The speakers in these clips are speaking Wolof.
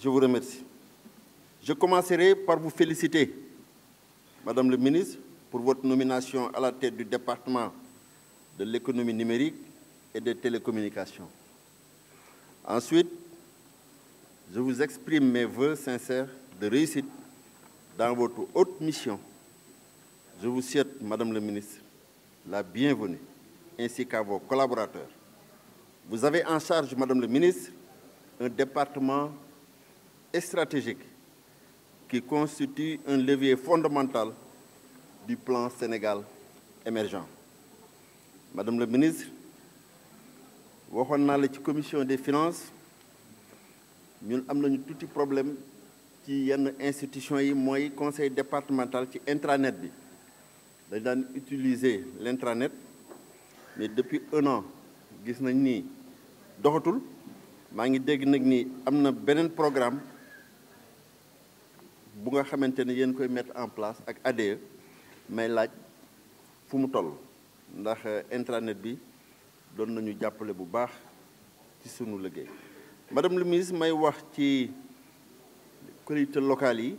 Je vous remercie. Je commencerai par vous féliciter, Madame le ministre, pour votre nomination à la tête du département de l'économie numérique et des télécommunications. Ensuite, je vous exprime mes voeux sincères de réussite dans votre haute mission. Je vous souhaite, Madame le ministre, la bienvenue, ainsi qu'à vos collaborateurs. Vous avez en charge, Madame le ministre, un département et stratégique qui constitue un levier fondamental du plan Sénégal émergent. Madame la ministre, nous avons la commission des finances nous avons tous les problème qui yenn institution yi conseil départemental qui intranet Nous avons utilisé l'intranet mais depuis un an nous avons ni programme bu nga xamante ne yéen koy mettre en place ak ADE may laaj fu mu toll ndax euh, intranet bi doon nañu jàppale bu baax ci sunu liggéey madame le ministre may wax ci collectivités locales yi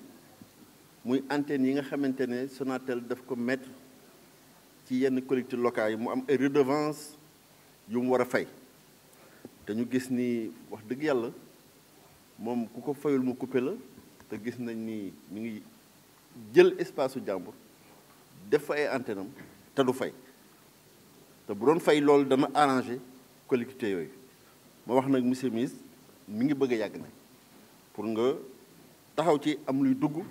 muy antenne yi nga xamante ne Sonatel daf ko mettre ci yenn collectivités locales yi mu am redevance yu mu war a fay te ñu gis ni wax dëgg yàlla moom ku ko fayul mu coupé la te gis nañ ni mi ngi jël espace su jàmbur def fa ay antenne am te du fay te bu doon fay loolu dana arrangé collectivité yooyu ma wax nag monsieur ministre mi ngi bëgg a yàgg nag pour nga taxaw ci am luy dugg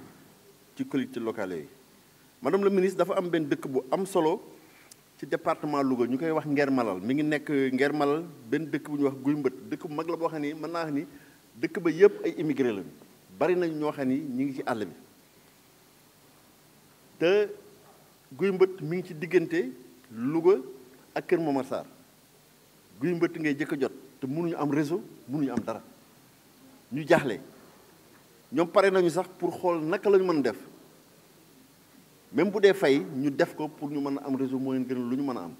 ci collectivité locale yooyu madame le ministre dafa am benn dëkk bu am solo ci département Louga ñu koy wax Ngermalal mi ngi nekk Ngermalal benn dëkk bu ñuy wax Guy dëkk bu mag la boo xam ni mën naa ni dëkk ba yëpp ay immigré lañu bari nañ ñoo xam ni ñu ngi ci àll bi te guy mbët mi ngi ci diggante Louga ak Kër Momar Sarr guy mbët ngay jëkk a jot te mënuñu am réseau mënuñu am dara ñu jaxle ñoom pare nañu sax pour xool naka lañu mën a def même bu dee fay ñu def ko pour ñu mën a am réseau moo leen gën lu ñu mën a am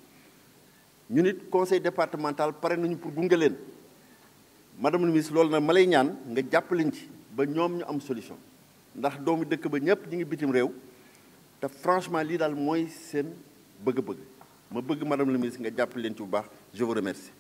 ñu nit conseil départemental pare nañu pour gunge leen madame la ministre loolu nag ma ñaan nga jàpp jàppaleñ ci ba ñoom ñu am solution ndax doomu dëkk ba ñëpp ñu ngi bitim réew te franchement lii daal mooy seen bëgg-bëgg ma bëgg madame la ministre nga jàpp ci bu baax je vous remercie